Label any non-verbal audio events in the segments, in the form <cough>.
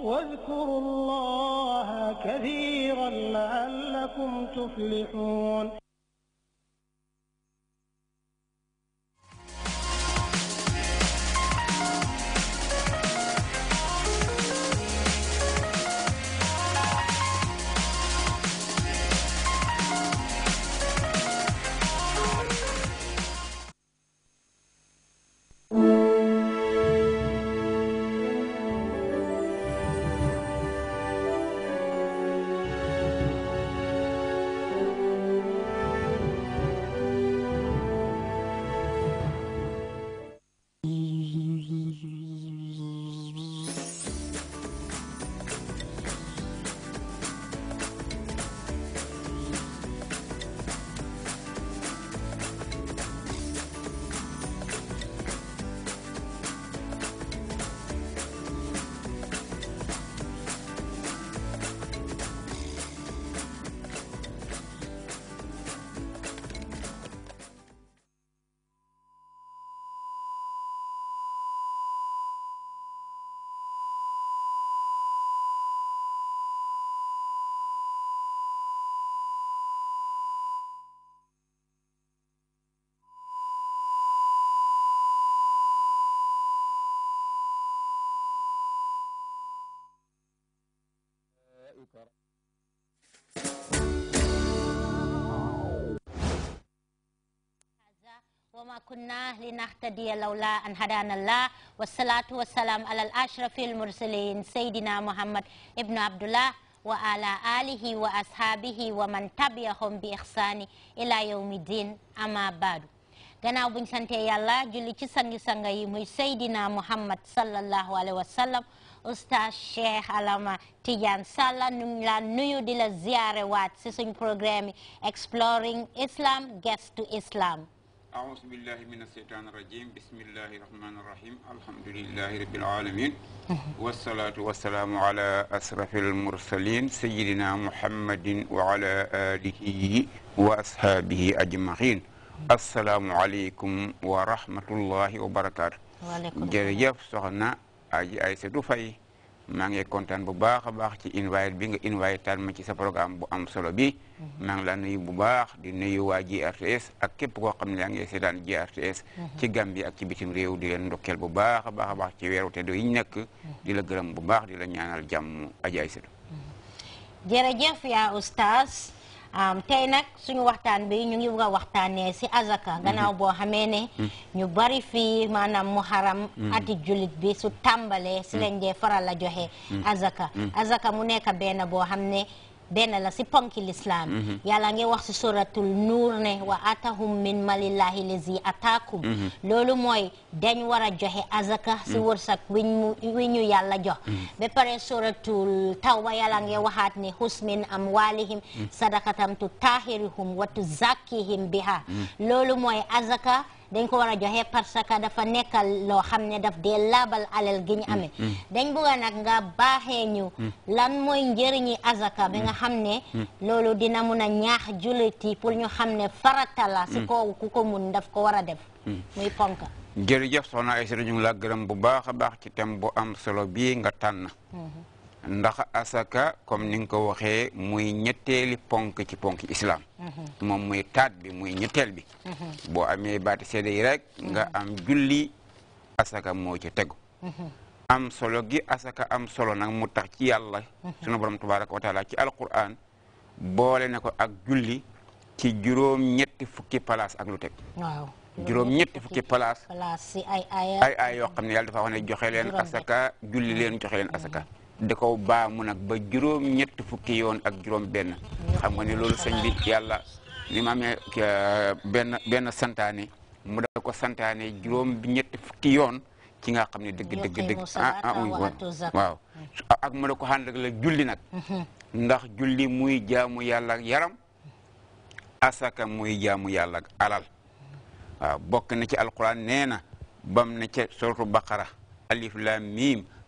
واذكروا الله كثيرا لعلكم تفلحون وما كنا لنهتدي لولا أن هدانا الله والصلاة والسلام على الأشرف المرسلين سيدنا محمد ابن عبد الله وعلى آله وأصحابه ومن تبعهم بإحسان إلى يوم الدين أما بعد gannaaw buñ sante yàlla julli ci sangi-sanga yi muy Seydina Muhammad sallallahu alayhi wa sallam oustaz Cheikh Alama Tidiane Salla ñu ngi la nuyu di la ziyaare waat ci suñ programme yi exploring Islam guest to Islam أعوذ بالله من الشيطان الرجيم بسم الله الرحمن الرحيم الحمد لله رب العالمين <laughs> والصلاة والسلام على أشرف المرسلين سيدنا محمد وعلى آله وأصحابه أجمعين السلام عليكم ورحمة الله وبركاته jërëjëf soxna أي Aysatu Fay maa ngi kontaan bu baax a baax ci invite bi nga invite taal ma ci sa programme bu am solo bi mhm. maa ngi la nuyu bu baax di nuyu waa GRTS ak képp koo xam ne yaa ngi seetaan GRTS mhm. ci Gambie ak ci bitim réew di leen ndokkeel bu baax a baax a baax ci wu te yi ñu nekk mhm. di la gërëm bu baax di la ñaanal jàmm ajaay setu jërëjëf yaa oustaz tey nag suñu waxtaan bi ñu ngi bugg a waxtaanee si azaka mhm. boo xamee ne mhm. ñu bari fii maanaam muharam mhm. ati jullit bi su tàmbalee si lañ dee faral a joxe azaka azaka mu nekk benn boo xam ne benn la si ponki lislaam mhm. yàlla ngi wax si suratul nur ne wa atahum min malillahi lazi atakum mhm. loolu mooy dañ wara joxe azaka mhm. si wursak wiñu yalla wi ñu yàlla jox ba pare suratul tawba yalange waxat waxaat ne husmin amwalihim sadakatam tu tahirihum wa tu zakkihim biha loolu mooy azaka dañ ko war a joxe parce que dafa nekkal loo xam ne daf dee laabal alal gi ñu amee mm, mm. dañ bëgg a nag nga baaxee ñu mm. lan mooy njëriñi azaka bi nga xam ne loolu dina mun a ñaax julliti pour ñu xam ne farata la ko ku ko mun daf ko war a def muy ponka jërëjëf soxna Aïssata ñu ngi laa gërëm bu baax a baax ci thème bu am solo bii nga tànn mm-hmm. ndax asaka comme ning nga ko waxee muy ponk ci ponk islam mhm. moom muy taat bi muy ñetteel bi mhm. bo amee baati seede rek nga mhm. am julli asaka moo ci tegu am solo gi asaka am solo nag mu tax ci yàlla sunu borom tabaraka wa taala ci alquran boole na ak julli ci juróom ñetti fukki palaas ak lu teg waaw ñetti fukki palaas ay ay yoo xam ne yàlla dafa wax joxe asaka julli len joxe leen asaka da ko baamu nag ba juróom ñett fukki yoon ak juróom benn xam nga ne loolu sëñ bi yàlla li ma amee euh, benn benn santaane mu da ko santaane juróom ñett fukki yoon ci nga xam ne dëgg dëgg dëgg ah ah waaw ak mu da ko xànd julli nag mm-hmm. ndax julli muy jaamu yàlla ak yaram asaka muy jaamu yàlla ak alal waaw bokk na ci alquran nee na bam na ca suratu baqara alif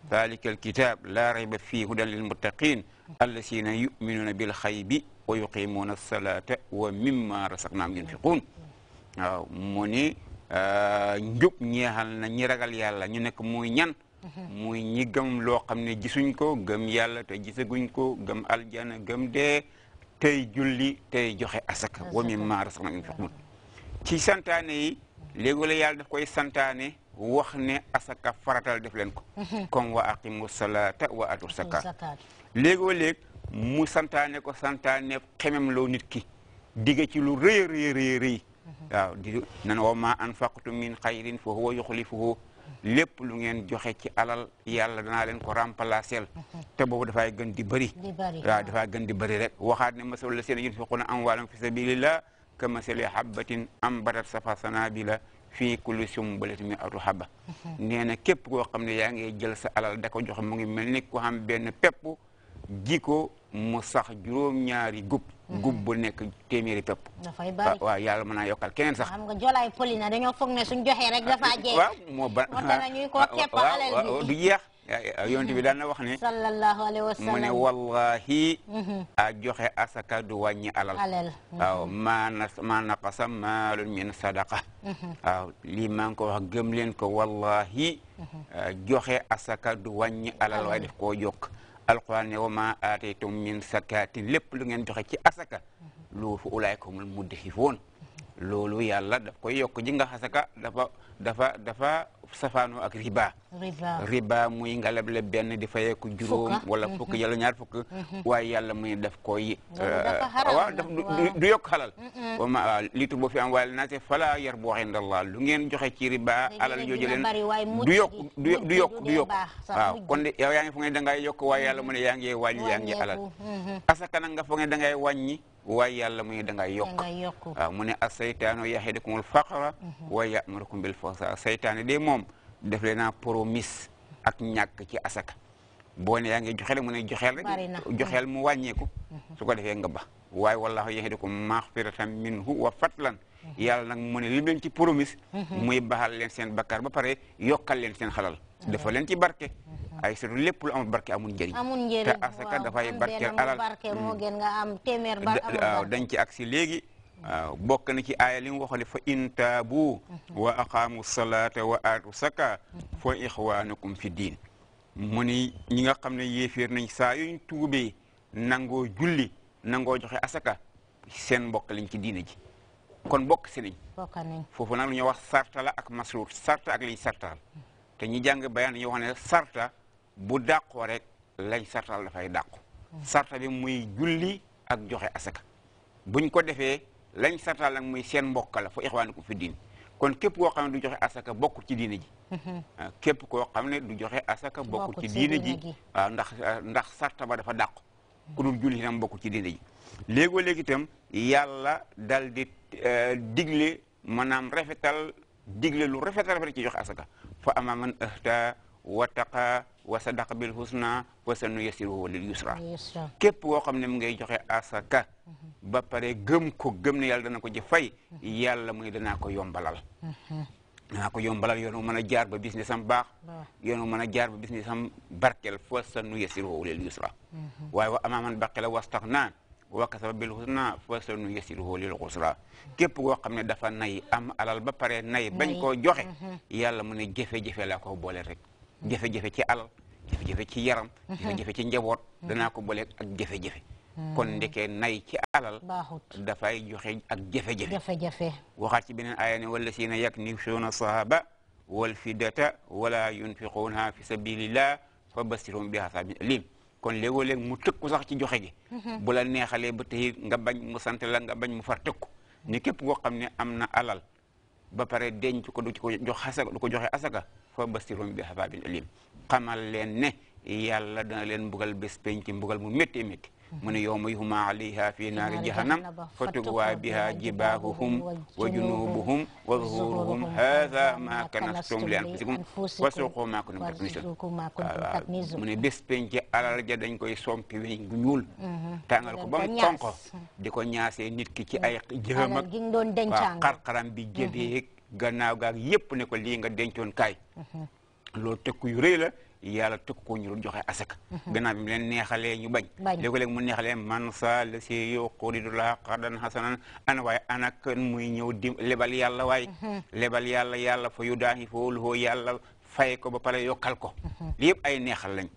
dalika alkitab laa rayba fii hudan lilmuttaqin allazina yuminuuna bilxaybi wa yuqimuuna alsalata wa mimma rasaqnaam yunfiquun waaw mu ni ah, njub ñeexal na ñi ragal yàlla ñu nekk muy ñan muy ñi gëm loo xam ne gisuñ ko gëm yàlla te gisaguñ ko gëm aljana gëm dee tey julli tey joxe asaka wa mimma rasaqnaam yunfiquun ci santaane yi léegi la yàlla daf koy santaane wax ne asaka faratal def leen ko comme <laughs> wa aqimu salaata wa atu zakaat léegoo léeg mu santaane ko santaane xemem loo nit ki dige ci lu rëy rëy rëy rëy <laughs> waaw di nan wa ma anfaqtum min xayrin fa huwa yuxlifuhu lépp lu ngeen joxe ci alal yàlla danaa leen ko remplacer <laughs> te boobu dafay gën di bëri waaw dafay gën di bëri rek waxaat ne masalu la seen yunfiquna amwaalam fi sabilillah ka masali habbatin ambatat safa sanabila fii kulli sumbulatin min atu haba nee na képp koo xam ne yaa ngi jël sa alal da ko jox mu ngi mel ni ku xam benn pepp ji ko mu sax juróom-ñaari gub. Mm-hmm. gub bu nekk téeméeri pepp. dafay waaw yàlla mën naa yokkal keneen sax. xam nga jolaay poli na dañoo foog ne suñ joxee rek dafa jeex. moo ba moo tax ñuy koo <laughs> képp alal bi du jeex. yonent bi daan na wax ni mu ne wallahi. Mhm. a joxe asaka du wàññi alal. waaw maa na maa naqasa maalun min sadaqa. Mhm. waaw lii maa ngi ko wax gëm leen ko wallahi. Mhm. joxe asaka du wàññi alal waaye daf koo yokk. alquran ne wa maa aataytum min sakatin lépp lu ngeen joxe ci asaka. lu fa ulaayka humul mudhifuun loolu yàlla daf koy yokk ji nga xasaka dafa dafa dafa safaanoo ak riba riba muy nga leble benn di fayeeku juróom wala fukk mm-hmm. yàlla ñaar fukk mm-hmm. waaye yàlla muy daf koy euh, waaw daf du yokk xalal mm-hmm. wama ah, liitu boo fi am waaye naate fala yar boo xen lu ngeen joxe ci riba alal jooju leen du yokk du yokk du waaw kon de yow yaa ngi foog da yokk waaye yàlla mu ne yaa ngi wàññi alal asaka nag nga foog ne da ngay waaye yàlla muy dangay yokk waaw mu ne a saytaanu yaxidukumul faqra mhm. wa yamurukum bil fahsha saytaane de moom def le naa promise ak ñàkk ci asaka bo ne yaa ngi joxeel mu ne joxeel rek joxeel mu wàññeeku mhm. su ko defee nga ba waaye wallahu yaxidukum maxfiratan minhu wa fatlan mhm. yàlla nag mu ne li leen ci promise muy baxal leen seen bakkaar ba pare yokkal leen seen xalal dafa leen ci barke ay surtout lépp lu amul barke amul njëriñ. amul njëriñ te asaka dafay barkeel alal barke moo mm. gën nga am téeméer ba waaw dañ ci agsi léegi. waaw bokk na ci aaya li mu waxoon fa in taabu mhm. wa aqaamu salaata wa aatu saka fa ixwaanukum fi diin mu ni ñi nga xam ne yéeféer nañ saa yuñ tuubee nangoo julli nangoo joxe asaka seen mbokk lañ ki diina ji kon bokk si nañ foofu nag lu ñuy wax sarta la ak masruur sarta ak liñ sartaal te ñi jàng bayaan dañoo ne sarta bu dàqoo rek lañ sartal dafay dàqu sarta bi muy julli ak joxe asaka buñ ko defee lañ sartal nag muy seen mbokk la fa ixwaanikum fi diin kon képp ko xam ne du joxe asaka bokk ci diine ji képp koo xam ne du joxe asaka bokk ci diine ji waaw mm-hmm. ah, ah, ndax ah, ndax sarta ba dafa dàqu ku dul julli itam bokk ci diine ji léegoo léegi itam yàlla dal di eh, digle maanaam rafetal digle lu rafet rafet ci joxe asaka fa ama man ahta wa taqa وصدق بالحسنى وسنيسره لليسرى كيب وقم نمغي جوخي اساكا با باري گم كو گم ني يالا نكو جي فاي يالا مي دنا كو يومبالال نا كو يومبالال يونو مانا جار با بيزنس ام باخ يونو مانا جار با بيزنس ام باركل فسنيسره لليسرى واي واما من باقي لا واستغنا وكسب بالحسنى فسنيسره للعسرى كيب وقم ني دافا ناي ام علال با باري ناي بنكو جوخي يالا مني جيفي جيفي لا كو بولال رك jafe-jafe ci alal jafe-jafe ci yaram jafe-jafe ci njabot dana ko bolé ak jafe-jafe kon ndeke nay ci alal da fay joxe ak jafe-jafe waxat ci benen beneen wala sina yak ni shuna sahaba wal fidata wala yunfiqunha fi sabilillah fa basirhum bi asaabin lim kon lego leg mu tekk sax ci joxe gi bu la neexalee ba tey nga bañ mu sant la nga bañ mu far tekk ni kep koo xamné amna alal ba pare denc ko du ko jox asaka du ko joxe asaka fa basirum bi azaabin alim xamal leen ne yàlla dana leen mbugal bés penc mbugal mu métti métti mu ne yowma yuhma alayha fi naari jahannam fa tugwa biha jibaahuhum wa junubuhum wa zuhuruhum haadha ma kanastum li anfusikum wa suqu ma kuntum taknisun mu ne bés penc alal ja dañ koy sompi weñ gu ñuul mm-hmm. tàngal ko ba mu xonq di ko ñaasee nit ki ci mm. ay jëfam ak waaw bi mm-hmm. jëbeeg gannaaw gaak yépp ne ko lii nga dencoon kaay mhm. loolu tëkku yu rëy la yàlla tëkk ko ñu joxe asaka mhm. gannaaw bi mu leen neexalee ñu bañ léegi-léegi mu neexalee man sa la si yow xoridula xardan xasanan ana waaye anak muy ñëw di lebal yàlla waaye mhm. lebal yàlla yàlla fa yu daaxi foo lu yàlla fay ko ba pare yokkal ko li yëpp ay neexal lañ